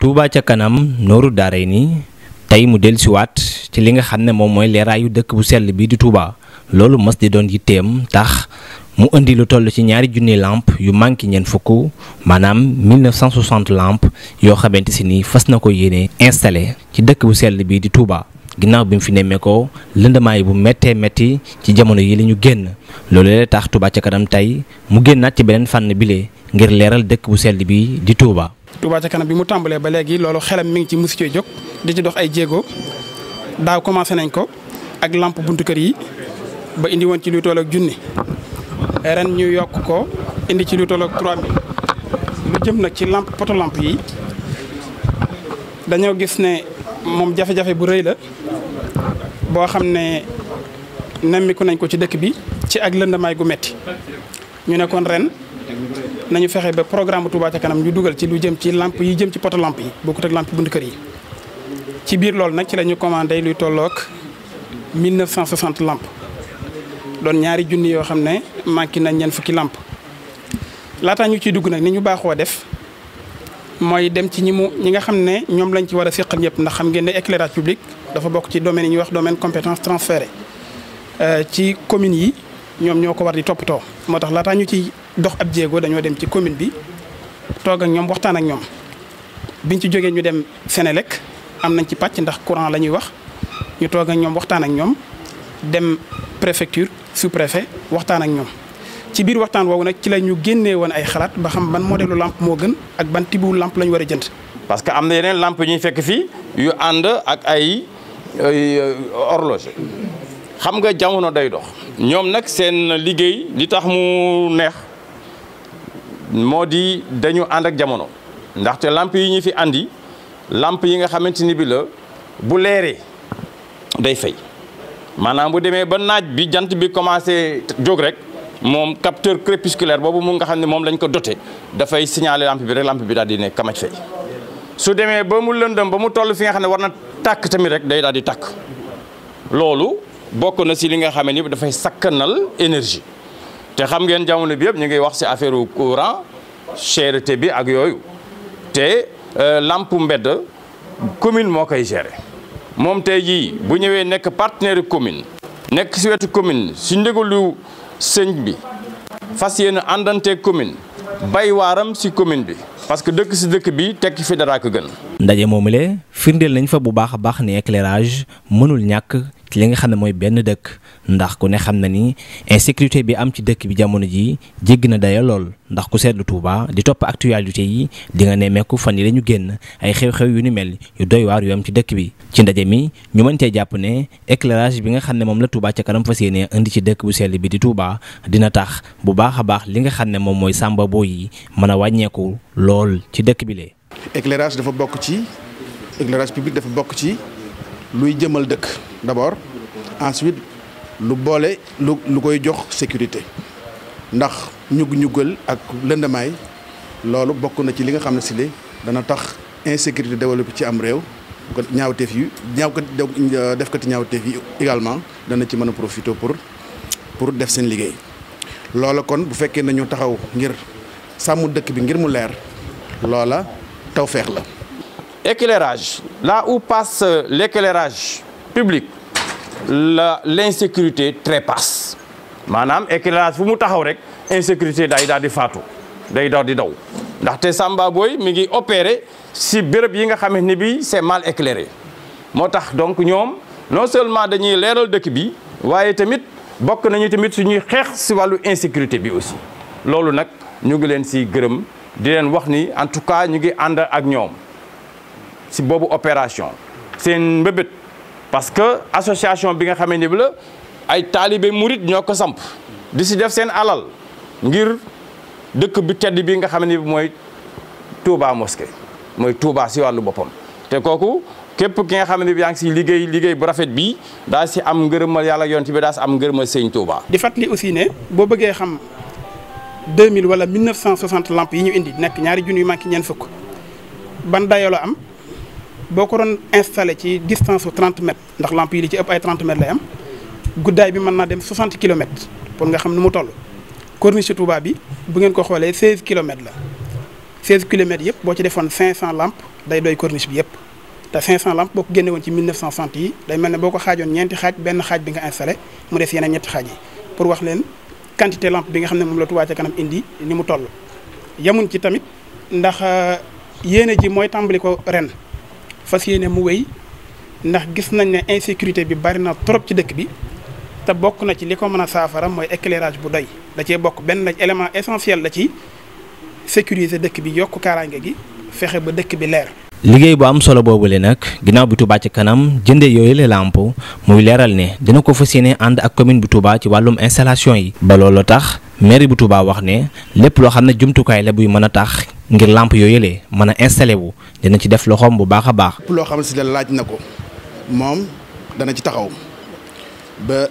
Touba ca kanam nooru daara yi nii tey mu siwaat ci li nga xam ne moom mooy leeraayu dëkk bu sell bii di Touba loolu mas di doon yitteem tax mu indi lu toll ci ñaari junni lamp yu manqué ñeent fukk maanaam 1960 lamp yoo xamante si nii fas na ko yéene installé ci dëkk bu sell bii di Touba. ginnaaw bi mu fi nemmeekoo lëndamaay bu méttee métti ci jamono yi li génn loolu la tax Touba ca kanam tey mu génnaat ci beneen fànn bile ngir leeral dëkk bu sell bi di Touba. Touba ca kanam bi mu tàmbalee ba léegi loolu xelam mi ngi ci musu cee jóg di ci dox ay jéego daaw commencé nañ ko ak làmp buntu kër yi ba indi woon ci lu toll ak junni ren ñu yokk ko indi ci lu toll ak 3000 lu jëm nag ci lamp poto lamp yi dañoo gis ne moom jafe bu rëy la. boo xam ne nemmiku nañ ko ci dëkk bi ci ak lëndamaay gu metti ñu ne kon ren nañu fexe ba programme Touba ca kanam ñu dugal ci lu jëm ci làmp yi jëm ci poto lamp yi bokkut ak lamp buntu kër yi ci biir loolu nag ci la ñu commandé luy tolloog 1960 lamp doon ñaari junni yoo xam ne manqué nañ ñeen fukki làmp laataa ñu ciy dugg nag ni ñu baaxoo def mooy dem ci ñi mu ñi nga xam ne ñoom lañ ci war a seqal ñëpp ndax xam ngeen ne éclairage public dafa bokk ci domaine yi ñuy wax domaine compétence transférée euh, ci commune yi ñoom ñoo ko war di toppatoo. moo tax laataa ñu ci dox ab jéego dañoo dem ci commune bi toog ak ñoom waxtaan ak ñoom biñ ci jógee ñu dem Sénélec am nañ ci pàcc ndax courant la ñuy wax ñu toog ak ñoom waxtaan ak ñoom dem préfecture sous préfet waxtaan ak ñoom. ci biir waxtaan woowu nag ci la ñu génnee woon ay xalaat ba xam ban modèle lu lampe moo gën ak ban tibu lampe la ñu war a jënd. parce que am na yeneen lampe yu fekk fii yu ànd ak ay horloge xam nga jamono day dox. ñoom nag seen liggéey li tax mu neex moo di dañu ànd ak jamono ndaxte làmp yi ñu fi andi làmp yi nga xamante ni bi la bu leeree day fay maanaam bu demee ba naaj bi jant bi commencé jóg rek. moom capteur crépusculaire boobu mu nga xam ne moom lañ ko doté dafay signaler lampe bi rek lampe bi daal di ne kamaj fay su demee ba mu lëndam ba mu toll fi nga xam ne war na tàkk tamit rek day daal di takk loolu bokk na si li nga xam ne ni dafay sakkanal énergie te xam ngeen jamono bi yëpp ñu ngi wax si affaire courant cherté bi ak yooyu te euh, lampe mbedd commune moo koy gérer moom tey jii bu ñëwee nekk partenaire commune nekk si wetu commune si ndigalu sëñ bi fas yéen àndante commune bay waaram si commune bi parce que dëkk si dëkk bi tekk fi dara ko gën. ndaje moomule firndeel nañ fa bu baax a baax ne éclairage mënul ñàkk ci li nga xam ne mooy benn dëkk ndax ku ne xam na ni insécurité bi am ci dëkk bi jamono ji jéggi na daya lool ndax ku seetlu Touba di topp actualité yi di nga nemmeeku fan yi lañu génn ay xew-xew yu ni mel yu doy waar yu am ci dëkk bi ci ndaje mi ñu mën cee jàpp ne éclairage bi nga xam ne moom la Touba ca kanam fas yéene indi ci dëkk bu sell bi di Touba dina tax bu baax a baax li nga xam ne moom mooy sàmba boo yi mën a wàññeeku lool ci dëkk bi luy jëmal dëkk d'abord ensuite lu boole lu lu koy jox sécurité ndax ñug-ñugal ak lëndamaay loolu bokk na ci li nga xam ne si li dana tax insécurité développé ci am réew ko ñaawteef yi ñaaw ko def ko ñaaw ñaawteef yi également dana ci mën a profité pour pour def seen liggéey loola kon bu fekkee nañu taxaw ngir sàmm dëkk bi ngir mu leer loola tawfeex la éclairage. Là où passe l'éclairage public, l'insécurité trépasse. maanaam éclairage fu mu taxaw rek insécurité day daal di faatu day daal di daw ndaxte Samba Boy mi ngi opéré si béréb yi nga xamante ni bi c'est mal éclairé moo tax donc ñoom non seulement dañuy leeral dëkk bi waaye tamit bokk nañu tamit su ñuy xeex si wàllu insécurité bi aussi loolu nag ñu ngi leen si gërëm di leen wax ni en tout cas ñu ngi ànd ak ñoom si boobu opération seen mbébét parce que association bi nga xamee ni bi la ay taalibe murit ñoo ko samp di si def seen alal ngir dëkk bi tedd bi nga xam ne bi mooy Touba mosquée mooy Touba si wàllu boppam te kooku képp ki nga xam ne bi yaa ngi si liggéey liggéey bu rafet bi daal si am ngërëmal yàlla yonent bi daa si am ngërëmal sëñ Touba. di fàttali aussi ne boo bëggee xam 2000 wala 1960 lamp yi ñu indi nekk ñaari junni yu manqué ñeent fukk ban dayoo am boo ko doon installé ci distance su 30 mètres ndax lamp yi li ci ëpp ay 30 mètres lay am guddaay bi mën naa dem 60 kilomètres pour nga xam ni mu toll. corniche tubaab bi bu ngeen ko xoolee 16 kilomètres la 16 kilomètres yëpp boo ci defoon cinq 500 lampes day doy corniche bi yëpp te 500 lampes boo ko génne woon ci 1960 yi day mel ne boo ko xaajoon ñeenti xaaj benn xaaj bi nga installé mu des yeneen ñetti xaaj yi pour wax leen quantité lampe bi nga xam ne moom la Touba ca ni mu toll. yamuñ ci tamit ndax euh, yéene ji mooy tàmbali ko ren. fas yéene mu wéy ndax gis nañ ne insécurité bi bari na trop ci dëkk bi te bokk na ci li ko mën a saafara mooy éclairage bu doy da cee bokk benn lañ élément essentiel la ci sécuriser dëkk bi yokk kaaraange gi fexe ba dëkk bi leer. liggéey bu am solo boobule nag ginnaaw bi Touba ci kanam jëndee yooyu la làmp muy leeral ne dina ko fas yéene ànd ak commune bu Touba ci wàllum installation yi. ba loolu tax mairie bu Touba wax ne lépp loo xam ne jumtukaay la buy mën a tax. ngir làmp yooyu yële mën a installé wu dina ci def loxoom bu baax a baax. loo xam ne si laaj na ko moom dana ci taxaw ba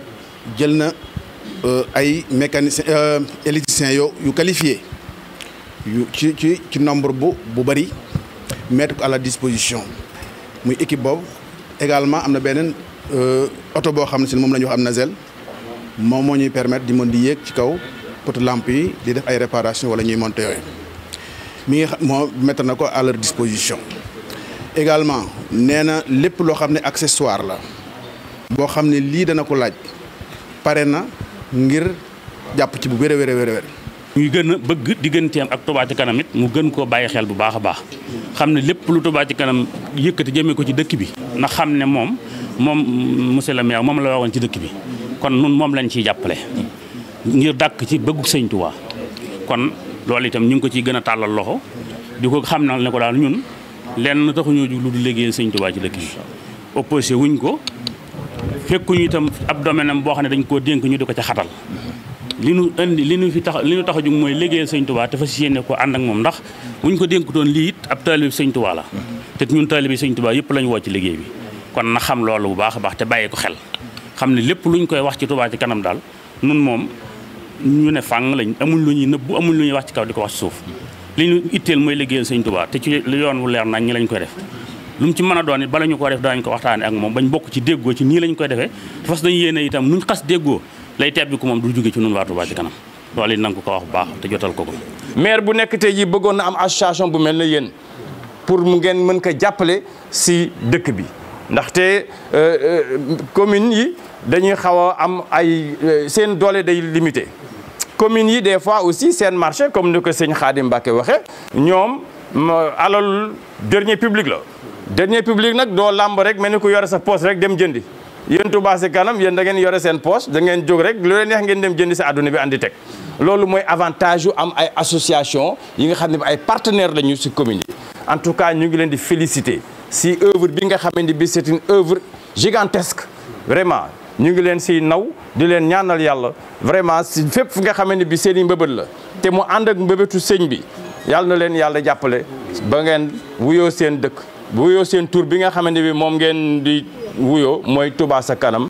jël na euh, ay mécanicien euh, électricien yo yu qualifié yu ci ci ci nombre bu bu bëri mettre ko à la disposition muy équipe boobu également am na beneen euh, oto boo xam ne si moom la ñu am na zel moom moo ñuy permettre di mën di yéeg ci kaw poteau lampe yi di def ay réparation wala ñuy monter yooyu. mi ngi xam moom mettre na ko à leur disposition également nee na lépp loo xam ne accessoire la boo xam ne lii dana ko laaj pare na ngir jàpp ci bu wér a wér a wér ñuy gën a bëgg digganteem ak Touba ci kanam mu gën koo bàyyi xel bu baax a baax xam ne lépp lu Touba ci kanam yëkkati jëmee ko ci dëkk bi na xam ne moom moom monsieur le maire moom la waxoon ci dëkk bi kon nun moom lañ ciy jàppale ngir dàkk ci bëggu sëñ Touba kon lool itam ñu ngi ko ciy gën a tàllal loxo di ko xam na ne ko daal ñun lenn taxuñoo jug lu dul liggéeyal sëñ Tuubaa ci dëkk bi opposé wuñ ko fekkuñu itam ab domaine am boo xam ne dañ koo dénk ñu di ko ca xatal li nu indi li nu fi tax li tax jug mooy liggéeyal sëñ Tuubaa te fas yéene ko àndak moom ndax buñ ko dénkutoon lii it ab taalibe sëñ Tuubaa la te ñun taalibe sëñ Tuubaa yëpp lañ woo ci liggéey bi kon na xam loolu bu baax a baax te bàyyi ko xel xam ne lépp luñ koy wax ci Tuubaa ci kanam daal nun moom ñu ne fàng lañ amuñ lu ñuy nëbbu amuñ lu ñuy wax ci kaw di ko wax ci suuf li ñu itteel mooy liggéeyal sëñ Tuubaa te ci yoon wu leer nañ ñi lañ koy def lu mu ci mën a doon it bala ñu ko def danañ ko waxtaane ak moom bañ bokk ci déggoo ci nii lañ koy defee fas dañu yéene itam nuñ xas déggoo lay tebbi ko moom du jóge ci nun waa Tuubaa ci kanam loolu it ko ko wax bu baax te jotal ko ko maire bu nekk tey jii bëggoon na am association bu mel na yéen pour mu ngeen mën ko jàppale si dëkk bi ndaxte euh, euh, commune yi dañuy xaw a am ay euh, seen doole day limité communes yi des fois aussi seen marché comme ni ko sëñ Xaadim Mbàkke waxee ñoom alal dernier public la dernier public nag doo lamb rek mel ni ku yore sa poche rek dem jëndi yéen Touba Ca Kanam yéen da ngeen yore seen poche da ngeen jóg rek lu leen neex ngeen dem jëndi sa àdduna bi andi teg loolu mooy avantage yu am ay association yi nga xam ne ay la lañu si commune yi en tout cas ñu ngi leen di féliciter si œuvre bi nga xamante bi c'est une œuvre gigantesque vraiment ñu ngi leen siy naw di leen ñaanal yàlla vraiment si fépp fi nga xamee ne bi seen i mbëbët la te mu ànd ak mbébétu sëñ bi yàlla na leen yàlla jàppale ba ngeen wuyoo seen dëkk wuyoo seen tur bi nga xamante bi moom ngeen di wuyoo mooy Touba sa kanam